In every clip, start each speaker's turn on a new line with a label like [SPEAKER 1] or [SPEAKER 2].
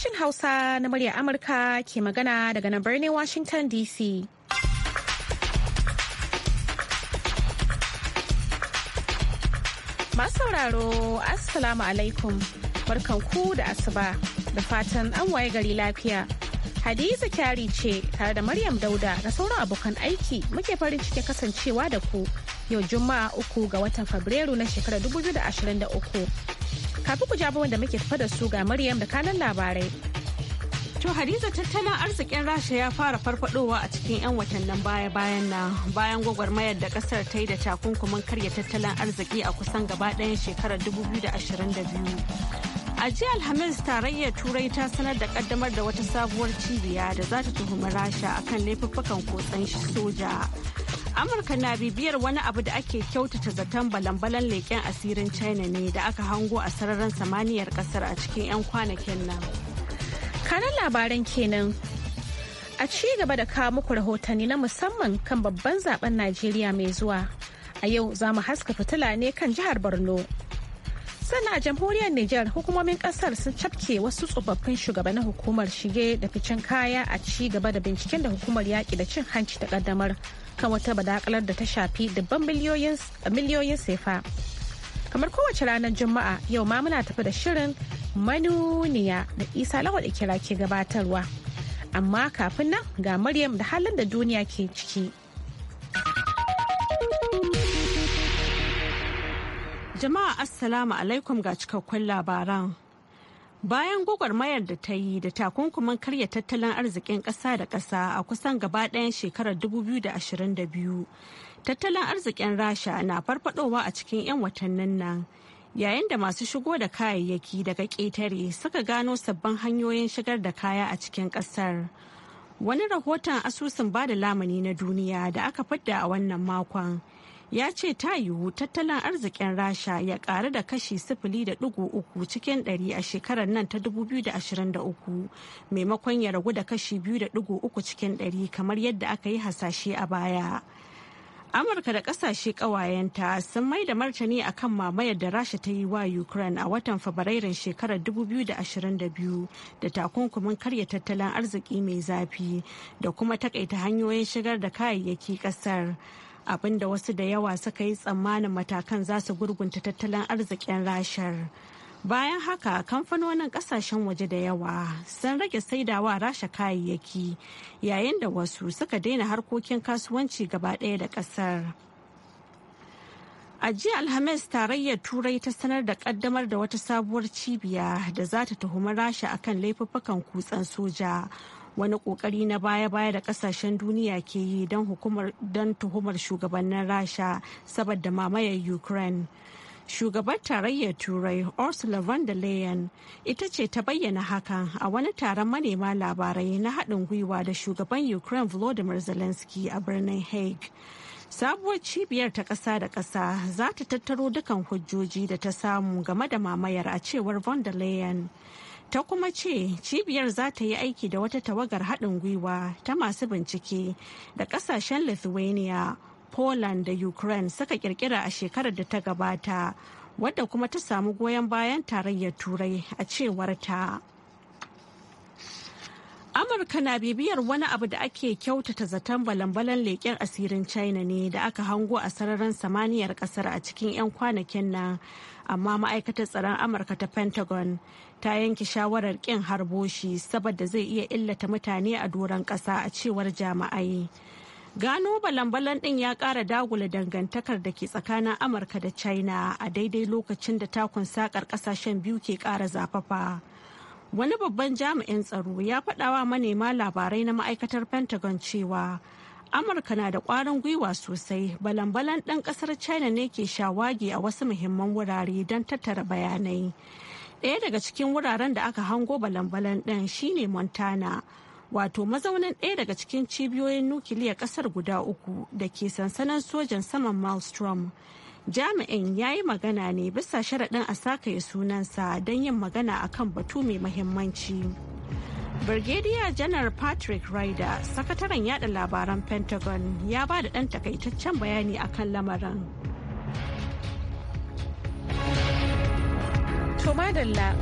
[SPEAKER 1] Sashen Hausa na murya Amurka ke magana daga nan birnin Washington DC. Masu sauraro, Assalamu alaikum, barkan ku da asuba da fatan an waye gari lafiya. Hadiza kyari ce tare da Maryam Dauda da sauran abokan aiki muke farin cikin kasancewa da ku yau Juma'a uku ga watan Fabrairu na shekarar 2023. Kafin ku jabo wanda muke tafa da su ga Maryam da kanan labarai. To Hadiza tattalin arzikin Rasha ya fara farfadowa
[SPEAKER 2] a cikin 'yan watannin baya-bayan na bayan gwagwarmayar da kasar ta yi da takunkumin karya tattalin arziki a kusan gaba ɗayan shekarar 2022. A jiya Alhamis tarayyar Turai ta sanar da kaddamar da wata sabuwar cibiya da za ta tuhumi Rasha akan laifuffukan kotsan soja. amurka na bibiyar wani abu da ake kyautata zaton balan-balan leƙen asirin china ne da aka hango a sararin samaniyar kasar a cikin 'yan
[SPEAKER 1] kwanakin nan kanan labaran kenan a ci gaba da kawo muku rahotanni na musamman kan babban zaben najeriya mai zuwa a yau za mu haska fitila ne kan jihar borno sana jamhuriyar Nijar hukumomin kasar sun cafke wasu tsofaffin shugabannin hukumar shige da ficen kaya a ci gaba da binciken da hukumar yaƙi da cin hanci ta kaddamar kan wata badakalar da ta shafi dubban miliyoyin saifa. Kamar kowace ranar Juma'a yau ma muna tafi da shirin manuniya da isa lawal ikira ke gabatarwa. Amma kafin nan ga Maryam da halin da duniya ke ciki.
[SPEAKER 2] Jama'a Assalamu alaikum ga cikakkun labaran. Bayan gwagwarmayar da ta yi da takunkumin karya tattalin arzikin ƙasa da ƙasa a kusan gaba ɗayan shekarar 2022, tattalin arzikin Rasha na farfadowa a cikin 'yan watannin nan. Yayin da masu shigo da kayayyaki daga ƙetare suka gano sabbin hanyoyin shigar da kaya a cikin ƙasar. Wani rahoton asusun bada lamani na duniya da aka fadda a wannan makon. ya ce ta yiwu tattalin arzikin rasha ya karu da kashi sifili da digo uku cikin ɗari a shekarar nan ta 2023 maimakon ya ragu da kashi biyu da digo uku cikin ɗari kamar yadda aka yi hasashe a baya amurka da kasashe kawayenta sun mai da martani akan mamayar da rasha ta yi wa ukraine a watan fabrairun shekarar 2022 da takunkumin karya tattalin arziki mai zafi da kuma takaita hanyoyin shigar da kayayyaki kasar abinda wasu da yawa suka yi tsammanin matakan za su gurgunta tattalin arzikin rashar bayan haka kamfanonin kasashen waje da yawa sun rage saidawa rasha kayayyaki yayin da wasu suka daina harkokin kasuwanci gaba ɗaya da ƙasar a jiya alhamis tarayyar turai ta sanar da kaddamar da wata sabuwar cibiya da za ta tuhumi rasha akan laifuffukan kutsan soja wani kokari na baya-baya da kasashen duniya ke yi don tuhumar shugabannin rasha saboda mamayar ukraine shugabar tarayyar turai ursula von der leyen ita ce ta bayyana hakan a wani taron manema labarai na haɗin gwiwa da shugaban ukraine volodymyr zelensky a birnin hague sabuwar cibiyar ta ƙasa da ƙasa za ta tattaro dukan hujjoji da ta samu game da mamayar a cewar von der leyen ta kuma ce cibiyar za ta yi aiki da wata tawagar haɗin gwiwa ta masu bincike da ƙasashen lithuania poland da ukraine suka kirkira a shekarar da ta gabata wadda kuma ta samu goyon bayan tarayyar turai a cewar ta. Amurka na bibiyar wani abu da ake kyautata zaton balan leƙen asirin China ne da aka hango a sararin samaniyar ƙasar a cikin 'yan kwanakin nan, amma ma'aikatar tsaron Amurka ta Pentagon ta yanke shawarar ƙin harbo shi saboda zai iya illata mutane a doron ƙasa a cewar jama'ai Gano balan-balan ɗin ya ƙara dagula dangantakar da ke tsakanin Amurka da China a daidai lokacin da takun sakar ƙasashen biyu ke ƙara zafafa. wani babban jami'in tsaro ya faɗawa manema labarai na ma'aikatar pentagon cewa amurka na da ƙwarin gwiwa sosai balan-balan ɗan ƙasar china ne ke shawagi a wasu muhimman wurare don tattara bayanai ɗaya daga cikin wuraren da aka hango balan-balan ɗin shine montana wato mazaunin ɗaya daga cikin cibiyoyin nukiliya ƙasar guda uku da ke sansanin sojan saman maelstrom jami'in ya yi magana ne bisa sharaɗin a sake sunansa don yin magana akan batu mai mahimmanci. Brigadier Janar Patrick Ryder, sakataren yada labaran Pentagon, ya ba da ɗan takaitaccen bayani akan lamarin.
[SPEAKER 1] To madalla,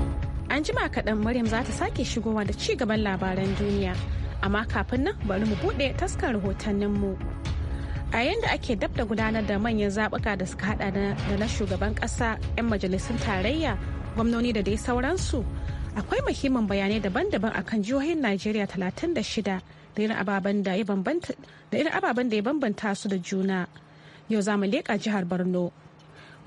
[SPEAKER 1] an jima kaɗan Maryam za ta sake shigowa da ci gaban labaran duniya, amma kafin nan bari mu buɗe taskar rahotanninmu. mu. a yayin da ake dab da gudanar da manyan zaɓuka da suka hada da na shugaban ƙasa 'yan majalisun tarayya gwamnoni da dai sauransu akwai muhimmin bayanai daban-daban a kan jihohin najeriya 36 da irin ababen da ya bambanta su da juna yau za mu leƙa jihar borno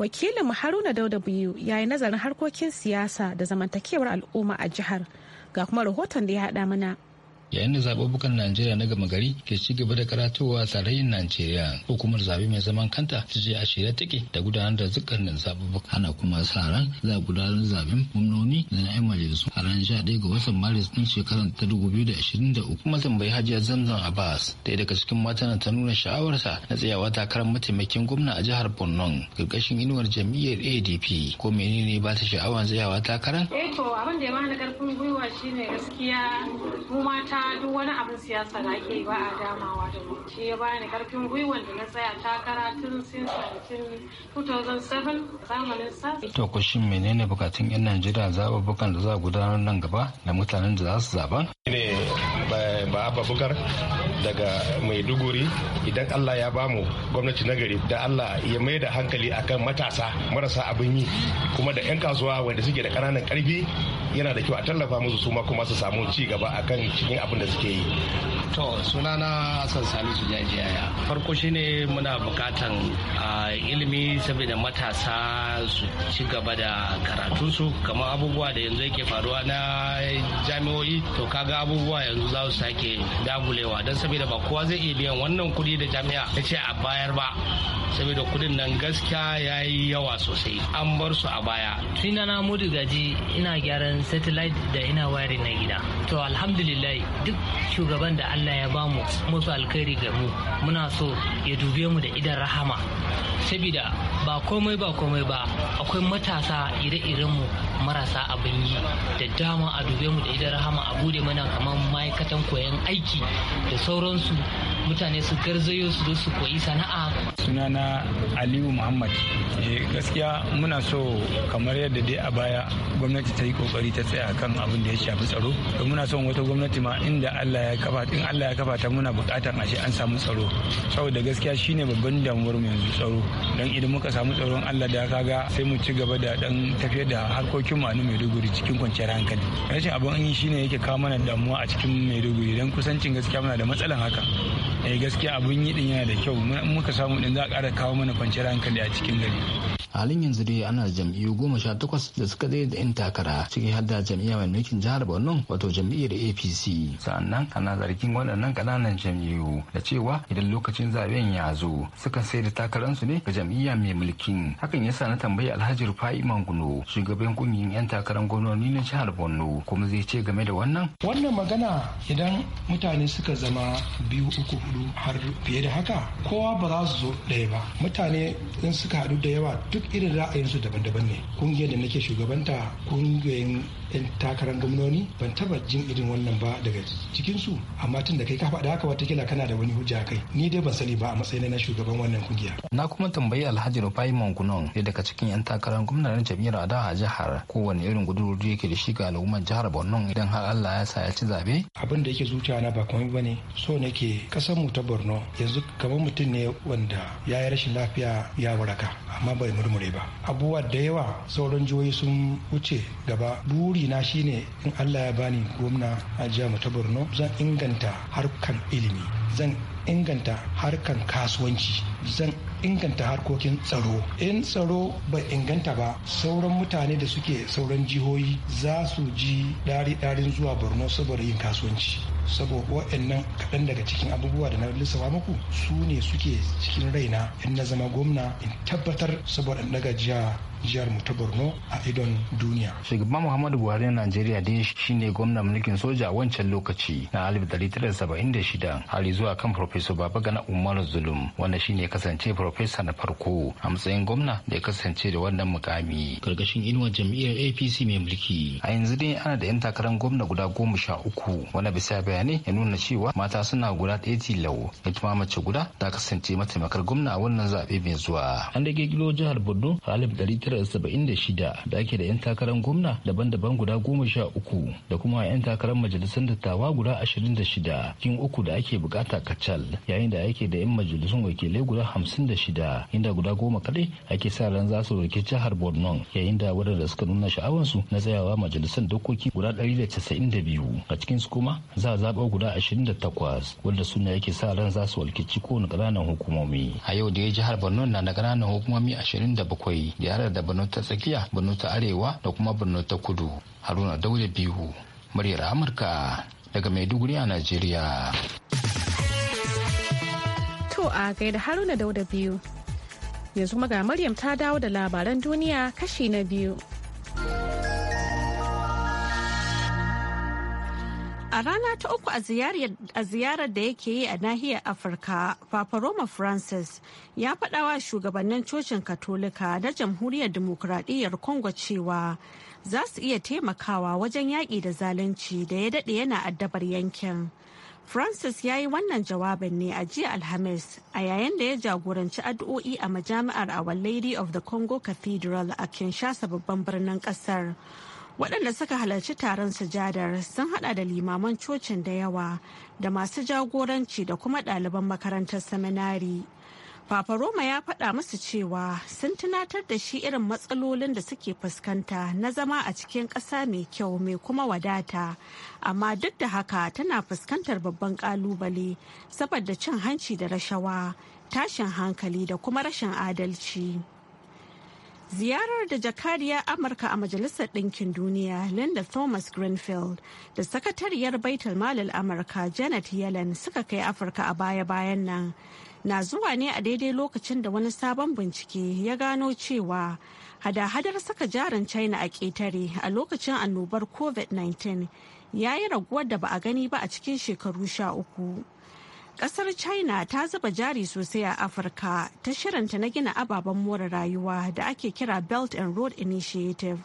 [SPEAKER 1] wakilin haruna dauda biyu ya yi nazarin harkokin siyasa da zamantakewar al'umma a jihar ga kuma rahoton da ya haɗa mana
[SPEAKER 3] yayin da zaɓuɓɓukan najeriya na gama gari ke ci gaba da karatowa tsarayin najeriya hukumar zaɓe mai zaman kanta ta je a shirye take da gudanar da dukkanin zaɓuɓɓuka ana kuma sa ran za a gudanar zaɓen gwamnoni da na 'yan majalisu a ranar 11 ga watan maris ɗin shekarar ta 2023 kuma tambayi hajiya zamzam abbas ɗaya daga cikin matan ta nuna sha'awarsa na tsayawa takarar mataimakin gwamna a jihar borno karkashin inuwar jam'iyyar adp ko menene ba ta sha'awar tsayawa takarar?
[SPEAKER 1] eh to abin da ya bani karfin gwiwa shine gaskiya mu mata duk wani abin siyasa da ake ba a damawa da mu ya bani karfin gwiwan da na tsaya takara tun sin 2007 zamanin sa
[SPEAKER 3] to ku shin menene bukatun yan Najeriya zaɓuɓɓukan da za a gudanar nan gaba da mutanen da za su zaɓa
[SPEAKER 4] ne ba bukar daga
[SPEAKER 5] maiduguri idan allah ya bamu gwamnati nagari da allah ya mai da hankali akan matasa marasa abin yi kuma da 'yan kasuwa wanda suke da ƙananan karfi yana da kyau a tallafa musu suma kuma su samu ci gaba akan cikin abin da suke yi
[SPEAKER 3] to sunana hassan su jajiyaya farko shine muna bukatan ilimi saboda matasa su ci gaba da su kamar abubuwa da yanzu yake faruwa na jami'o'i to kaga abubuwa yanzu za su sake dagulewa don saboda ba kowa zai iya biyan wannan kudi da jami'a ya ce a bayar ba saboda kudin nan gaskiya ya yi yawa sosai an bar su a baya sunana mudu gaji ina gyaran satellite da ina wayar na gida to alhamdulillah duk shugaban da Allah ya bamu musu alkhairi ga mu muna so ya dube mu da idan rahama saboda ba komai ba komai ba akwai matasa ire-iren mu marasa abin yi da dama a dube mu da idan rahama a bude mana kamar ma'aikatan koyon aiki da sauransu
[SPEAKER 5] mutane su garzayo su zo su koyi sana'a sunana aliyu muhammad eh, gaskiya muna so kamar yadda dai a baya gwamnati ta yi kokari ta tsaya kan abin da ya shafi tsaro muna son wata gwamnati ma inda allah ya kafa Allah ya ta muna bukatan ashe an samu tsaro saboda gaskiya shine babban damuwar mu yanzu tsaro dan idan muka samu tsaron Allah da kaga sai mu ci gaba da dan tafiyar da harkokin mu a nan Maiduguri cikin kwanciyar hankali rashin abin yi shine yake kawo mana damuwa a cikin Maiduguri dan kusancin gaskiya muna da matsalan haka eh gaskiya abun yi din yana da kyau muka samu din za a ƙara kawo mana kwanciyar hankali a cikin gari
[SPEAKER 3] halin yanzu dai ana jam'iyyu goma sha takwas da suka zai da 'yan takara ciki har da jam'iyya mai mulkin jihar borno wato jam'iyyar apc sa'annan ana zargin waɗannan ƙananan jam'iyyu da cewa idan lokacin zaben ya zo sukan sai da takararsu ne ga jam'iyya mai mulkin hakan yasa na tambayi alhaji rufai manguno shugaban kungiyar 'yan takarar gwamnoni na jihar borno kuma zai ce game da wannan wannan magana idan mutane suka zama biyu uku
[SPEAKER 5] hudu har fiye da haka kowa ba za su zo ɗaya ba mutane in suka haɗu da yawa duk duk irin ra'ayinsu daban-daban ne kungiyar da nake shugabanta kungiyoyin 'yan takarar gwamnoni ban taba jin irin wannan ba daga cikinsu amma tun da kai ka faɗa haka watakila kana da wani hujja kai ni dai ban sani ba a matsayin na shugaban wannan kungiya.
[SPEAKER 3] na kuma tambayi alhaji rufai mangunon ne daga cikin 'yan takarar gwamnatin jami'ar adawa a jihar kowane irin gudurori yake da shi ga al'ummar jihar borno idan har allah ya sa ya ci zabe. abin da yake zuciya na ba kuma bane so ke kasar
[SPEAKER 5] mu ta borno yanzu kamar mutum ne wanda ya yi rashin lafiya ya waraka amma bai murmur murmure ba abubuwa da yawa sauran jihohi sun wuce gaba buri na shine in allah ya bani gwamna a mu ta borno zan inganta harkan ilimi zan inganta harkan kasuwanci zan inganta harkokin tsaro in tsaro bai inganta ba sauran mutane da suke sauran jihohi za su ji dari-darin zuwa borno saboda yin kasuwanci saboda waɗannan kaɗan daga cikin abubuwa da na lissafa muku su ne suke cikin raina in na zama gwamna in tabbatar saboda in daga jiya jihar mu ta borno a idon duniya
[SPEAKER 3] shugaban muhammadu buhari na najeriya shi shine gwamnan mulkin soja a wancan lokaci na shida har zuwa kan Baba babagana Umaru zulum wanda shine kasance farfesa na farko a matsayin gwamna da ya kasance da wannan mukami karkashin inuwar jam'iyyar apc mai mulki a yanzu dai ana da yan takarar gwamna guda goma sha uku wanda bisa bayanai ya nuna cewa mata suna guda ɗaya tilau ita ma mace guda ta kasance mataimakar gwamna a wannan zaɓe mai zuwa an da jihar borno a 976 da ake da 'yan takarar gwamna daban-daban guda goma sha uku da kuma 'yan takarar majalisar dattawa guda 26 kin uku da ake bukata kacal yayin da ake da 'yan majalisun wakilai guda 56 inda guda goma kadai ake sa ran za su roki jihar borno yayin da wadanda suka nuna sha'awansu na tsayawa majalisar dokoki guda 192 a cikin su kuma za a zaɓa guda 28 wanda su ne ake sa ran za su walkici kowane ƙananan hukumomi a yau da ya jihar borno na da ƙananan hukumomi 27 da da birnin ta tsakiya, birnin ta arewa da kuma birnin ta kudu. Haruna Dauda biyu muryar Amurka daga Maiduguri a Najeriya.
[SPEAKER 1] To a gaida Haruna Dauda Biyu. Yanzu maga Maryam ta dawo da labaran duniya kashi na biyu.
[SPEAKER 2] A rana ta uku a ziyarar da yake yi a nahiyar Afirka, Papa Roma Francis ya faɗawa shugabannin cocin Katolika na Jamhuriyar Dimokuraɗiyyar Congo cewa za su iya taimakawa wajen yaƙi da zalunci da ya daɗe yana addabar yankin. Francis ya yi wannan jawabin ne a jiya Alhamis a yayin da ya jagoranci addu'o'i a majami'ar Our Lady of the Congo Cathedral a Kinshasa babban birnin ƙasar. waɗanda suka halarci taron sujadar sun hada da limaman cocin da yawa da masu jagoranci da kuma ɗaliban makarantar seminari Papa Roma ya faɗa musu cewa sun tunatar da shi irin matsalolin da suke fuskanta na zama a cikin ƙasa mai kyau mai kuma wadata, amma duk da haka tana fuskantar babban ƙalubale saboda cin hanci da rashawa, tashin hankali da kuma rashin adalci. Ziyarar da jakadiyar Amurka a Majalisar Ɗinkin Duniya Linda Thomas Greenfield da sakatariyar Baitul Malal Amurka Janet Yellen suka kai Afirka a baya-bayan nan na zuwa ne a daidai lokacin da wani sabon bincike ya gano cewa hada-hadar saka jarin China a ƙetare a lokacin annobar COVID-19 ya yi raguwar da ba a gani ba a cikin shekaru sha uku. Kasar China ta zuba jari sosai a Afirka ta shirinta na gina ababen more rayuwa da ake kira Belt and Road Initiative.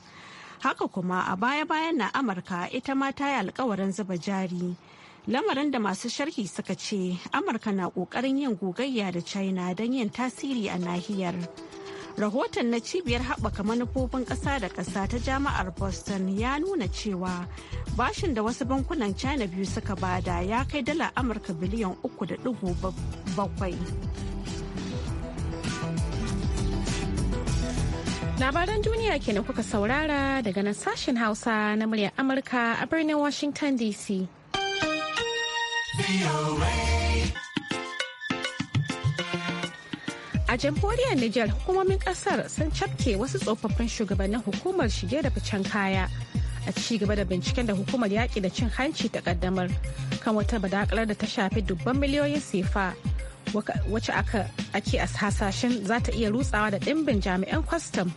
[SPEAKER 2] Haka kuma a baya-bayan na Amurka ita ma ta yi alkawarin zuba jari. Lamarin da masu sharhi suka ce Amurka na ƙoƙarin yin gogayya da China don yin tasiri a nahiyar. Rahoton na cibiyar haɓaka manufofin ƙasa da ƙasa ta jamaar Boston ya nuna cewa bashin da wasu bankunan China biyu suka bada ya kai dala Amurka biliyan uku da
[SPEAKER 1] bakwai. Labaran duniya kenan kuka saurara daga nan sashen Hausa na muryar Amurka a birnin Washington DC. A jamhuriyar Nijar hukumomin kasar sun cafke wasu tsofaffin shugabannin hukumar shige da ficen kaya a ci gaba da binciken da hukumar yaƙi da cin hanci ta kaddamar kan wata badakalar da ta shafi dubban miliyoyin sefa wacce ake hasashen za ta iya rutsawa da ɗimbin jami'an kwastam.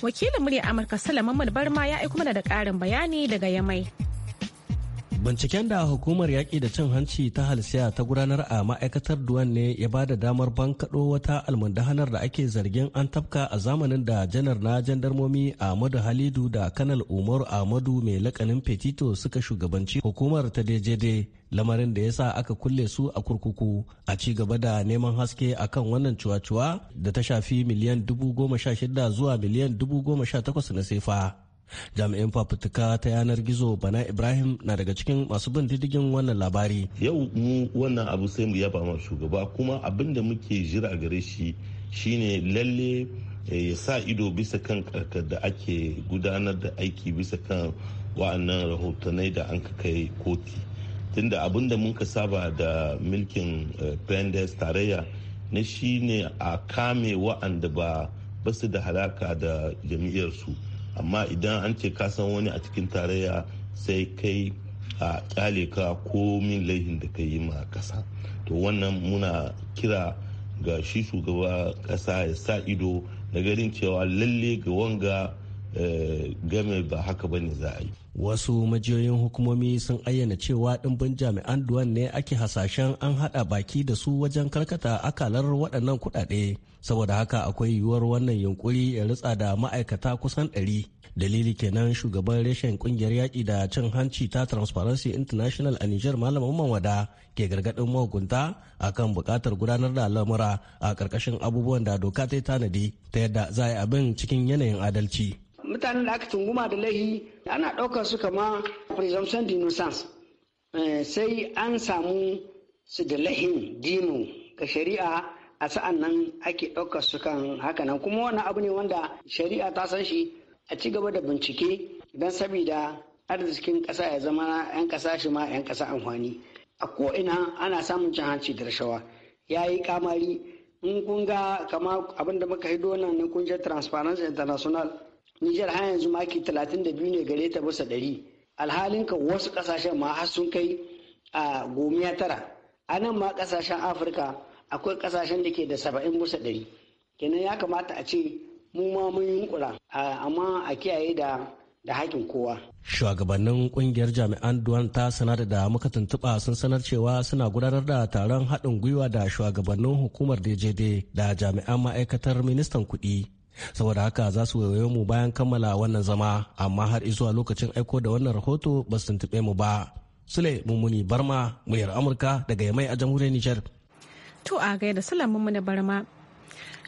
[SPEAKER 1] Wakilin murya Amurka Salamun Barma ya aiko mana da ƙarin bayani daga Yamai.
[SPEAKER 6] Binciken da hukumar yaƙi da cin hanci ta halsiya ta gudanar a ma'aikatar duwan ne ya ba da damar bankaɗo wata almundahanar da ake zargin an tafka a zamanin da janar na jandarmomi Ahmadu Halidu da kanal Umar Ahmadu mai lakanin Petito suka shugabanci hukumar ta dejede lamarin da ya sa aka kulle su a kurkuku a ci gaba da neman haske akan wannan cuwa-cuwa da ta shafi miliyan dubu goma sha shida zuwa miliyan dubu goma sha takwas na sefa. jami'in fafutuka ta yanar gizo bana ibrahim na daga cikin masu bin diddigin wannan labari
[SPEAKER 4] yau mu wannan abu sai mu yaba ma shugaba kuma abin da muke jira gare shi shine lalle eh, ya sa ido bisa kan karkar da ake gudanar da aiki bisa kan wa'annan rahotannai da an kai koti tunda abin da muka saba da milkin eh, pendes tarayya na shine a kame wa'anda ba basu da halaka da su. amma idan an ce ka san wani a cikin tarayya sai kai a kyale ka ko min laihin da ka yi ma kasa to wannan muna kira ga shi shugaba kasa ya sa ido na ganin cewa lalle ga wanga eh, game ba haka bane za a yi
[SPEAKER 6] wasu majiyoyin hukumomi sun ayyana cewa ɗimbin jami'an duwan ne ake hasashen an haɗa baki da su wajen karkata akalar waɗannan kuɗaɗe saboda haka akwai yiwuwar wannan yunkuri ya ritsa da ma'aikata kusan ɗari dalili kenan shugaban reshen kungiyar yaƙi da cin hanci ta transparency international a niger malam wada ke gargaɗin mahukunta akan buƙatar gudanar da lamura a ƙarƙashin abubuwan da doka ta yi tanadi ta yadda za a yi abin cikin yanayin adalci mutanen da aka tunguma da lahi ana ɗaukar su kama presumption innocence eh, sai an samu su da lahin dino ga shari'a a sa'an nan ake ɗaukar su kan hakanan kuma wani abu ne wanda shari'a ta san shi a ci gaba da bincike don sabida arzikin ƙasa ya zama 'yan ƙasa shi ma 'yan ƙasa amfani a ko'ina ana samun cin hanci da rashawa ya yi kamari in kun ga kama abin da muka hido nan na kungiyar transparency international Nijar har yanzu maki 32 ne gare ta bisa ɗari. Alhalin wasu ƙasashen ma har sun kai a gomiya tara. A nan ma kasashen Afirka akwai ƙasashen da ke da saba'in bisa ɗari. Kenan ya kamata a ce mu ma mun yunkura amma a kiyaye da da haƙin kowa. Shugabannin kungiyar jami'an Duwan ta sanar da muka tuntuɓa sun sanar cewa suna gudanar da taron haɗin gwiwa da shugabannin hukumar DJD da jami'an ma'aikatar ministan kuɗi saboda haka za su wayo mu bayan kammala wannan zama amma har zuwa lokacin aiko da wannan rahoto ba su tuntube mu ba sule mummuni barma muryar amurka daga yamai a jamhuriyar nijar
[SPEAKER 1] to a gaida sule mummuni barma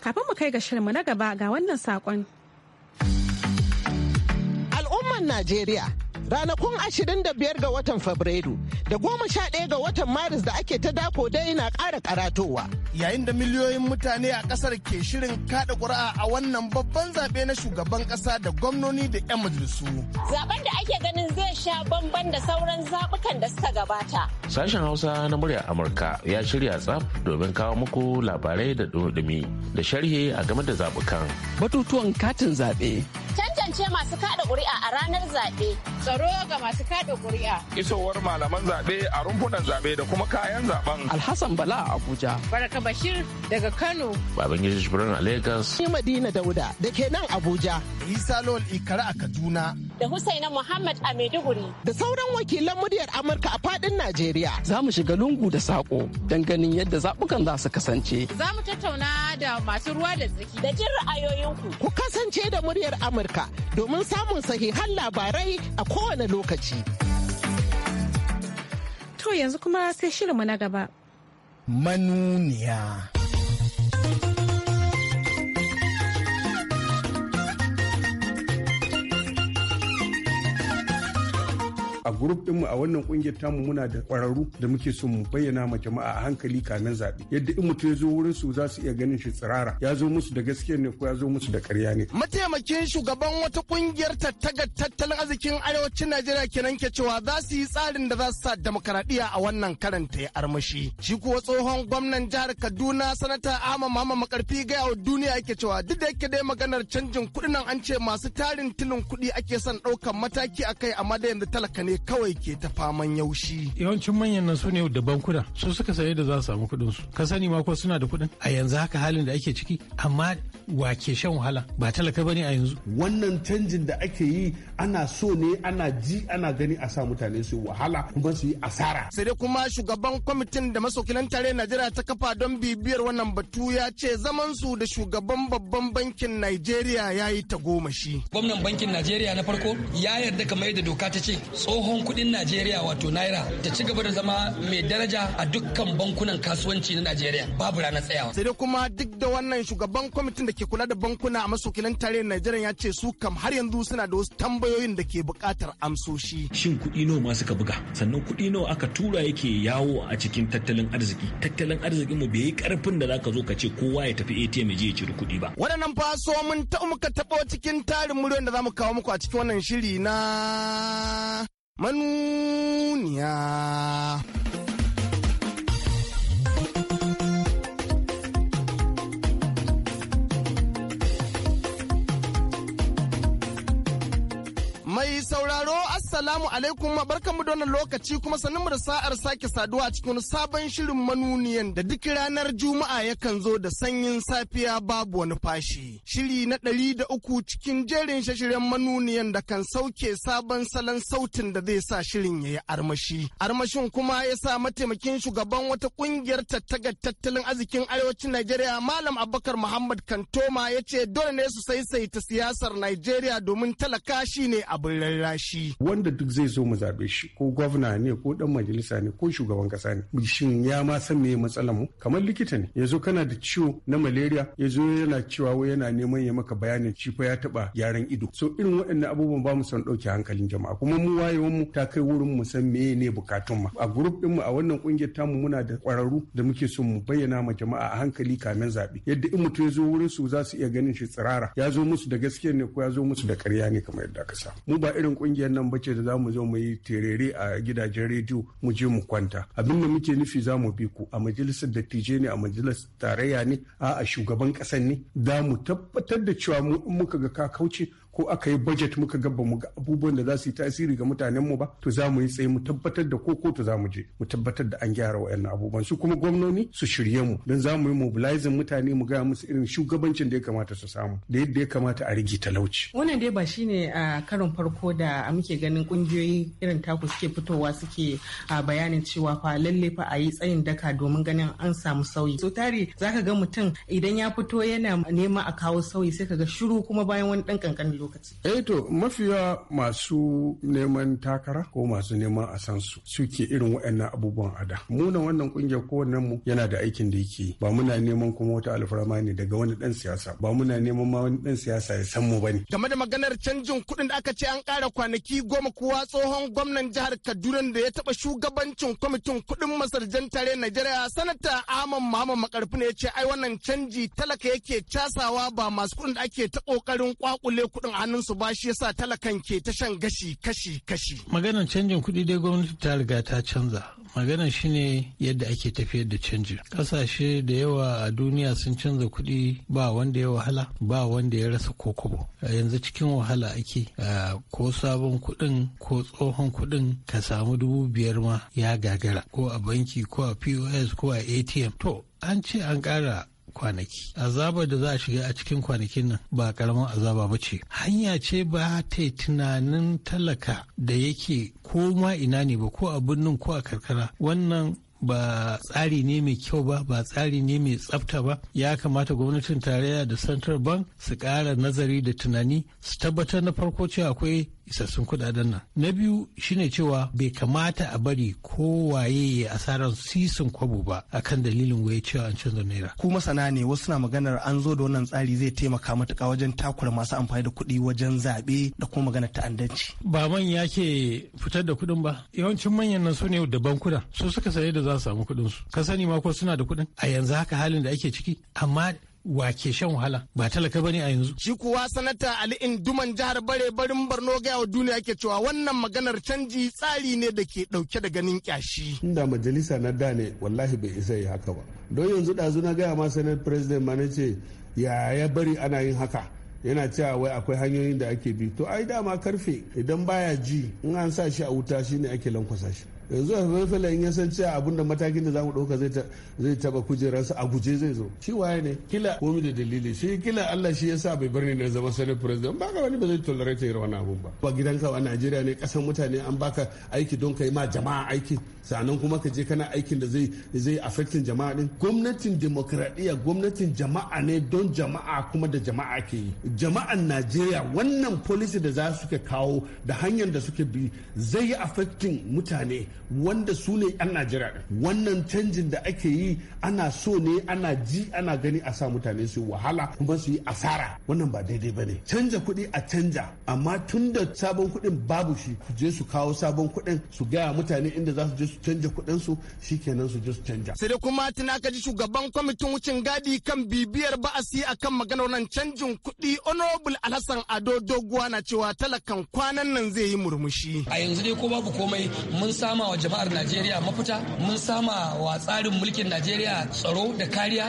[SPEAKER 1] kafin mu kai ga shirinmu na gaba ga wannan saƙon al'umman najeriya
[SPEAKER 7] ranakun 25 ga watan fabrairu da goma sha 11 ga watan maris da ake ta dako dai na ƙara karatowa yayin da miliyoyin mutane a ƙasar ke shirin kaɗa ƙuri'a a wannan babban zaɓe na shugaban ƙasa da gwamnoni da 'yan majalisu
[SPEAKER 2] zaben da ake ganin zai sha bamban da sauran zaɓukan da suka gabata
[SPEAKER 6] sashen hausa na murya amurka ya shirya
[SPEAKER 4] tsaf domin kawo muku labarai da dumi da sharhi a game da zabukan.
[SPEAKER 8] batutuwan katin zaɓe
[SPEAKER 2] Tantance masu kada ƙuri'a a ranar zaɓe. Tsaro ga masu
[SPEAKER 1] kada ƙuri'a.
[SPEAKER 4] Isowar malaman zaɓe a rumfunan zaɓe da kuma kayan zaɓen. Alhassan Bala
[SPEAKER 7] Abuja.
[SPEAKER 1] Baraka Bashir daga Kano.
[SPEAKER 7] Babangida Jibrin a Lagos. Ni Madina Dauda da ke nan Abuja. Isa Lol Ikara a Kaduna.
[SPEAKER 1] Da Husaina Muhammad a Maiduguri.
[SPEAKER 7] Da sauran wakilan muryar Amurka a faɗin Najeriya. Za
[SPEAKER 8] mu shiga lungu da saƙo don
[SPEAKER 7] ganin yadda zaɓukan za su kasance.
[SPEAKER 1] Za mu tattauna da masu ruwa da tsaki. Da jin ra'ayoyinku. Ku kasance da muryar Amurka. Amurka domin samun sahihan labarai a kowane lokaci. To yanzu kuma sai shirinmu na gaba.
[SPEAKER 3] Manuniya.
[SPEAKER 9] a group ɗinmu a wannan ƙungiyar tamu muna da kwararru da muke son mu bayyana ma jama'a a hankali kamin zabe yadda in mutum ya zo wurin su za su iya ganin shi tsirara ya zo musu da gaskiya ne ko ya zo musu da ƙarya ne.
[SPEAKER 7] Mataimakin shugaban wata ƙungiyar tattagar tattalin arzikin arewacin Najeriya kenan ke cewa za su yi tsarin da za su sa demokaradiyya a wannan karan ta yi armashi. Shi kuwa tsohon gwamnan jihar Kaduna sanata Ahmad Muhammad Makarfi gaya wa duniya yake cewa duk da yake dai maganar canjin kuɗin nan an ce masu tarin tunin kuɗi ake son ɗaukan mataki akai amma da yanzu talaka
[SPEAKER 10] ne kawai ke ta faman yaushi. Yawancin manyan nan su ne da bankuna su suka saye da za su samu kuɗin su. Ka sani ma ko suna da kuɗin a yanzu haka halin da ake ciki amma wa ke shan wahala ba talaka bane a yanzu.
[SPEAKER 4] Wannan canjin da ake yi ana so ne ana ji ana gani a sa mutane su wahala kuma su yi asara. Sai
[SPEAKER 7] dai kuma shugaban kwamitin
[SPEAKER 4] da masokilan tare
[SPEAKER 7] Najeriya ta kafa don bibiyar wannan batu ya ce zaman su da shugaban babban bankin Najeriya ya yi tagomashi.
[SPEAKER 8] Gwamnan bankin Najeriya na farko ya yarda kamar yadda doka ta ce tsohon kuɗin Najeriya wato naira ta ci gaba da zama mai daraja a dukkan bankunan kasuwanci na Najeriya babu ranar tsayawa. Sai dai
[SPEAKER 7] kuma duk da wannan shugaban kwamitin da ke kula da bankuna a masokilan tarihin Najeriya ya ce su kam har yanzu suna da wasu tambayoyin da ke buƙatar
[SPEAKER 11] amsoshi. Shin kuɗi nawa ma suka buga sannan kuɗi nawa aka tura yake yawo a cikin tattalin arziki tattalin arzikin mu bai yi karfin da zaka zo ka ce kowa ya tafi ATM ya je ya ciri kuɗi ba. Waɗannan faso mun
[SPEAKER 7] ta muka taɓo cikin tarin miliyon da zamu kawo muku a cikin wannan shiri na manuniya. Assalamu alaikum barkanmu da wannan lokaci kuma sanin da sa'ar sake saduwa cikin sabon shirin manuniyan da duk ranar Juma'a yakan zo da sanyin safiya babu wani fashi. Shiri na ɗari da uku cikin jerin shashiren manuniyan da kan sauke sabon salon sautin da zai sa shirin ya yi armashi. Armashin kuma ya sa mataimakin shugaban wata ƙungiyar tattagar tattalin arzikin arewacin Najeriya Malam Abubakar Muhammad Kantoma ya ce dole ne su saisaita siyasar Najeriya domin talaka shi
[SPEAKER 9] ne abin rarrashi. wanda duk zai zo mu zaɓe shi ko gwamna ne ko dan majalisa ne ko shugaban kasa ne shin ya ma san me matsalar mu kamar likita ne yazo kana da ciwo na malaria yazo yana cewa wai yana neman ya maka bayanin shi fa ya taɓa gyaran ido so irin waɗannan abubuwan ba mu son ɗauke hankalin jama'a kuma mu wayewan mu ta kai wurin mu san meye ne bukatun ma a group din mu a wannan kungiyar mu muna da kwararru da muke son mu bayyana ma jama'a a hankali kamin zaɓe yadda in mutum ya zo wurin su za su iya ganin shi tsirara ya zo musu da gaskiya ne ko ya zo musu da ƙarya ne kamar yadda ka sa mu ba irin kungiyar nan ce da za mu zo mu yi terere a gidajen rediyo mu je mu kwanta abin da muke nufi za mu bi ku a majalisar dattijai ne a majalisar tarayya ne a shugaban ƙasan ne za mu tabbatar da cewa muka ga ka kauce ko aka yi budget muka ga mu ga abubuwan da za su yi tasiri ga mutanenmu ba to za mu yi tsaye mu tabbatar da ko kotu za mu je mu tabbatar da an gyara wayannan abubuwan su kuma gwamnoni su shirye mu don za mu yi mobilizing mutane mu gaya musu irin shugabancin da ya kamata su samu da yadda ya kamata a rigi talauci.
[SPEAKER 6] wannan dai ba shi ne a karin farko da muke ganin kungiyoyi irin taku suke fitowa suke bayanin cewa fa lalle fa a yi tsayin daka domin ganin an samu sauyi. so tari zaka ga mutum idan ya fito yana nema a kawo sauyi sai ka ga shiru kuma bayan wani dan kankanin lokaci?
[SPEAKER 9] Eh to mafiya masu neman takara ko masu neman a san suke irin waɗannan abubuwan a da. Muna wannan kungiyar kowannen mu yana da aikin da yake ba muna neman kuma wata alfarma ne daga wani dan siyasa ba muna neman ma wani dan siyasa ya san mu bane.
[SPEAKER 7] Game da maganar canjin kuɗin da aka ce an ƙara kwanaki goma kuwa tsohon gwamnan jihar Kaduna da ya taɓa shugabancin kwamitin kuɗin masarjan tare Najeriya sanata Ahmad Muhammad Makarfi ne ya ce ai wannan canji talaka yake casawa ba masu kuɗin da ake ta ƙoƙarin kwakule kuɗin hannunsu ba shi yasa talakan ke ta shan gashi kashi kashi.
[SPEAKER 10] Maganar canjin kuɗi dai gwamnati ta riga ta canza. Maganar shine yadda ake tafiyar da canjin. Ƙasashe da yawa a duniya sun canza kuɗi ba wanda ya wahala ba wanda ya rasa kokobo. Yanzu cikin wahala ake ko sabon kuɗin ko tsohon kuɗin ka samu dubu biyar ma ya gagara ko a banki ko a POS ko a ATM. To an ce an ƙara kwanaki azabar da za a shiga a cikin kwanakin nan ba karamin azaba ba ce hanya ce ba ta tunanin talaka da yake ko ma ina ne ba ko a birnin ko a karkara wannan ba tsari ne mai kyau ba ba tsari ne mai tsafta ba ya kamata gwamnatin tarayya da central bank su ƙara nazari da tunani su tabbatar na farko cewa akwai isassun kudaden nan na biyu shine cewa bai kamata a bari kowaye ya asarar sisin kwabo ba akan dalilin waye cewa an canza naira
[SPEAKER 7] ku masana ne wasu na maganar an zo da wannan tsari zai taimaka matuka wajen takura masu amfani da kuɗi wajen zaɓe da kuma maganar ta'addanci
[SPEAKER 10] ba ya ke fitar da kuɗin ba yawancin manyan nan su ne da bankuna su suka saye da za su samu kuɗin su ka sani ma ko suna da kuɗin a yanzu haka halin da ake ciki amma wa ke shan wahala ba talaka bane a yanzu shi kuwa
[SPEAKER 7] sanata ali induman jihar bare barin barno gaya wa duniya ke cewa wannan maganar canji tsari ne da ke dauke da ganin kyashi
[SPEAKER 4] inda majalisa na da ne wallahi bai isa yi haka ba don yanzu ɗazu na gaya ma senate president ma na ce ya ya bari ana yin haka yana cewa wai akwai hanyoyin da ake bi to ai dama karfe idan baya ji in an sa shi a wuta shine ake lankwasa shi yanzu a fela in ya san cewa abinda matakin da zamu ɗauka zai taba kujerarsa a guje zai zo shi waye ne kila komi da dalili shi kila Allah shi yasa bai bar ni na zama sanar president ba ka wani ba zai tolerate irin wannan abun ba ba gidanka a Najeriya ne kasan mutane an baka aiki don kai ma jama'a aiki sannan kuma ka je kana aikin da zai zai affecting jama'a din gwamnatin demokradiya gwamnatin jama'a ne don jama'a kuma da jama'a ke yi jama'an Najeriya wannan policy da za su kawo da hanyar da suke bi zai yi affecting mutane wanda su ne 'yan najeriya ɗin wannan canjin da ake yi ana so ne ana ji ana gani a sa mutane su wahala kuma su yi asara wannan ba daidai ba ne canja kuɗi a canja amma tun da sabon kuɗin babu shi su je su kawo sabon kuɗin su gaya mutane inda za su je su canja kuɗin su shikenan su je su canja
[SPEAKER 7] sai dai kuma tana ka ji shugaban kwamitin wucin gadi kan bibiyar ba'asi akan maganar wannan canjin kuɗi honorable alhassan ado doguwa na cewa talakan kwanan nan zai yi murmushi a yanzu
[SPEAKER 8] dai ko babu komai mun sama wa jama'ar najeriya mafita mun sama wa tsarin mulkin najeriya tsaro da kariya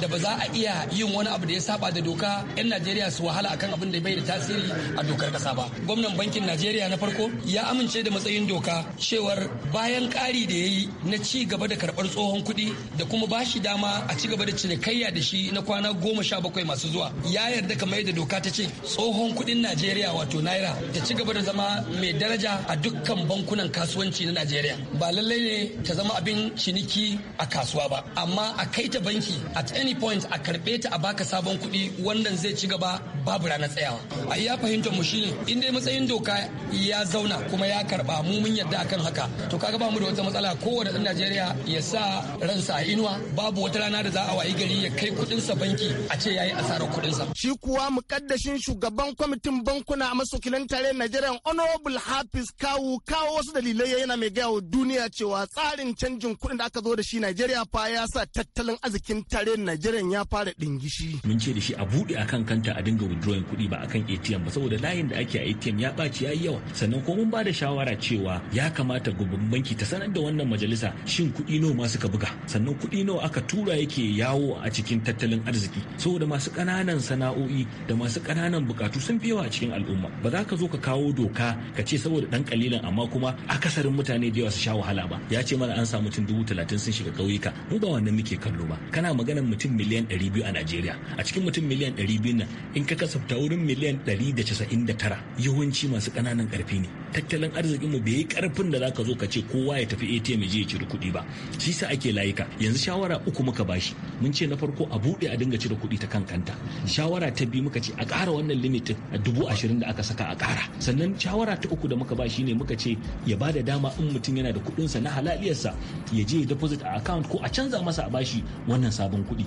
[SPEAKER 8] da ba za a iya yin wani abu da ya saba da doka 'yan najeriya su wahala akan abin da bai da tasiri a dokar kasa ba gwamnan bankin najeriya na farko ya amince da matsayin doka cewar bayan ƙari da ya yi na ci gaba da karbar tsohon kuɗi da kuma ba shi dama a ci gaba da cinikayya da shi na kwana goma sha bakwai masu zuwa ya yarda kamar yadda doka ta ce tsohon kuɗin najeriya wato naira da ci gaba da zama mai daraja a dukkan bankunan kasuwanci na najeriya Najeriya ba lallai ne ta zama abin ciniki a kasuwa ba amma a kai ta banki at any point a karɓe ta a baka sabon kuɗi wannan zai ci gaba babu ranar tsayawa a iya fahimtar mu shine in dai matsayin doka ya zauna kuma ya karba mu mun yadda akan haka to kaga ba mu da wata matsala kowane ɗan Najeriya ya sa ransa a inuwa babu wata rana da za a wayi gari ya kai kuɗinsa banki a ce yayi asarar kuɗinsa
[SPEAKER 7] shi kuwa mukaddashin shugaban kwamitin bankuna a masokilan tare Najeriya honorable Hafiz Kawu kawo wasu dalilai yana mai gaya wa duniya cewa tsarin canjin kuɗin da aka zo da shi Najeriya fa ya sa tattalin arzikin tare Najeriya ya fara dingishi.
[SPEAKER 11] Mun ce da shi a buɗe akan kanta a dinga withdrawing kuɗi ba akan ATM ba saboda layin da ake a ATM ya ɓaci ya yi yawa. Sannan ko mun ba da shawara cewa ya kamata gwamnatin banki ta sanar da wannan majalisa shin kuɗi nawa ma suka buga sannan kuɗi nawa aka tura yake yawo a cikin tattalin arziki saboda masu ƙananan sana'o'i da masu ƙananan bukatu sun fi yawa a cikin al'umma ba za ka zo ka kawo doka ka ce saboda ɗan ƙalilan amma kuma akasarin mutane da su sha wahala ba ya ce mana an samu mutum dubu talatin sun shiga ƙauyuka mu ba wannan muke kallo ba kana maganar mutum miliyan ɗari biyu a najeriya a cikin mutum miliyan ɗari biyu nan in ka kasafta wurin miliyan ɗari da casa'in da tara yawanci masu ƙananan ƙarfi ne tattalin arzikin mu bai yi ƙarfin da zaka zo ka ce kowa ya tafi atm ya je ya ciri kuɗi ba shi sa ake layuka yanzu shawara uku muka bashi mun ce na farko a buɗe a dinga cire kuɗi ta kan kanta shawara ta biyu muka ce a ƙara wannan limitin a dubu ashirin da aka saka a ƙara sannan shawara ta uku da muka ba ne muka ce ya ba da dama in mutum yana da kuɗinsa na halaliyarsa ya je ya deposit a account ko a canza masa a bashi wannan sabon kuɗi.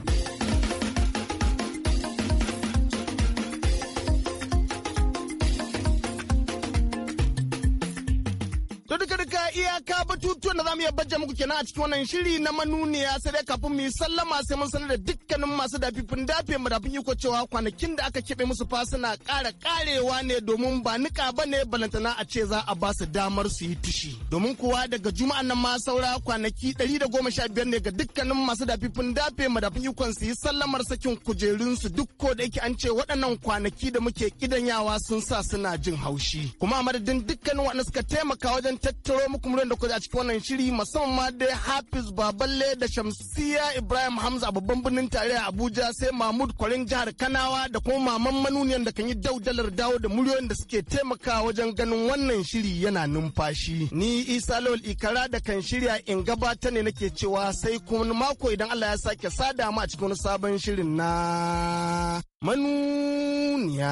[SPEAKER 7] iyaka batutuwan da za mu iya bajja muku kenan a cikin wannan shiri na manuniya sai dai kafin mu yi sallama sai mun sanar da duk dukkanin masu dafifin dafe madafin iko cewa kwanakin da aka keɓe musu fa suna ƙara ƙarewa ne domin ba nika ba ne balantana a ce za a ba su damar su yi tushi. Domin kuwa daga juma'an nan ma saura kwanaki ɗari da goma sha biyar ne ga dukkanin masu dafifin dafe madafin ikon su yi sallamar sakin kujerunsu duk ko da yake an ce waɗannan kwanaki da muke kidanyawa sun sa suna jin haushi. Kuma a madadin dukkanin waɗanda suka taimaka wajen tattaro muku muryar da ku a cikin wannan shiri musamman ma dai Hafiz Baballe da Shamsiya Ibrahim Hamza a babban birnin tare tarayya Abuja sai Mahmud Kwarin jihar Kanawa da kuma maman manuniyan da kan yi daudalar dawo da muryoyin da suke taimaka wajen ganin wannan shiri yana numfashi. Ni Isa Lawal Ikara da kan shirya in gabata ne nake cewa sai kuma mako idan Allah ya sake sada mu a cikin sabon shirin na manuniya.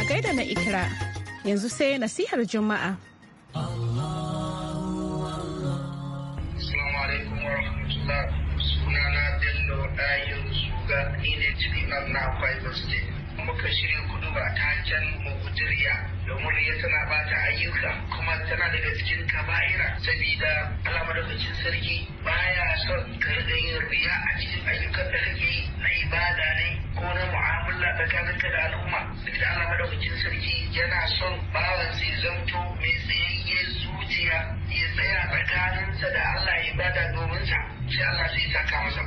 [SPEAKER 1] A gaida na Ikira yanzu sai nasihar Juma'a. Assalamu
[SPEAKER 12] alaikum faɗa yanzu ga ni ne cikin na Kwaibar State. muka shirya ba ta can mugudiriya domin ya tana bata ayyuka kuma tana daga cikin kaba'ira saboda Allah madaukakin sarki baya son ka yin riya a cikin ayyukan da kake yi na ibada ne ko na mu'amala tsakaninka da al'umma saboda alamar madaukakin sarki yana son bawan sai zamto mai tsayayye zuciya ya tsaya tsakaninsa da Allah ibada domin sa sai Allah sai saka masa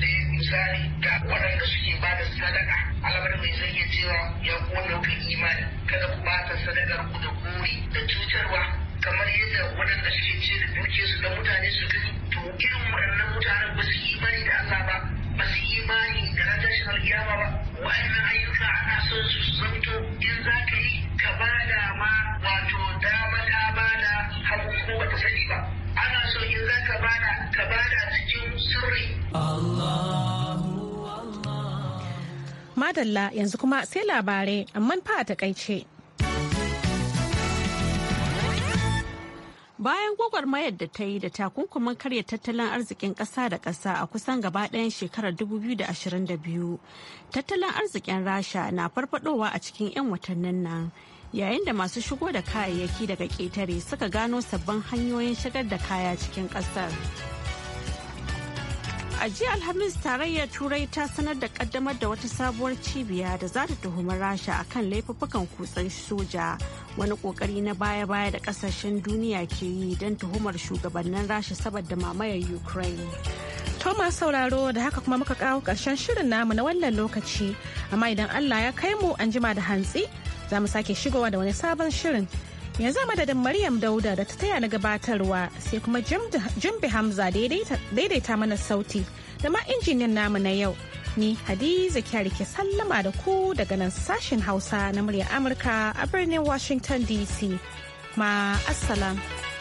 [SPEAKER 12] sai misali ga waɗanda suke ba da sadaka alamar mai zai iya cewa ya kuwa imani kada ku bata sadakar ku da guri da cutarwa kamar yadda waɗanda suke ce da duke su da mutane su gudu to irin
[SPEAKER 1] madalla yanzu kuma sai labarai amma fa a takaice.
[SPEAKER 2] Bayan gwagwarmayar da ta yi da takunkumin karya tattalin arzikin ƙasa da ƙasa a kusan gaba ɗayan shekarar 2022, tattalin arzikin Rasha na farfadowa a cikin 'yan watannin nan. Yayin da masu shigo da kayayyaki daga ƙetare suka gano sabbin hanyoyin shigar da kaya cikin ƙasar. A jiya Alhamis tarayyar Turai ta sanar da kaddamar da wata sabuwar cibiya da za ta tuhumi Rasha kan laifuffukan kutsen soja wani kokari na baya-baya da kasashen duniya ke yi don tuhumar shugabannin Rasha saboda mamayar Ukraine.
[SPEAKER 1] Thomas sauraro da haka kuma muka kawo karshen shirin namu na wannan lokaci amma idan Allah ya kai mu an jima da hantsi za mu sake shigowa da wani sabon shirin. yanzu madadin maryam dauda da ta taya na gabatarwa sai kuma jimbi hamza daidaita mana sauti da ma injiniyan namu na yau ni hadiza kyari ke sallama da ku daga nan sashen hausa na muryar amurka a birnin washington dc ma assalam.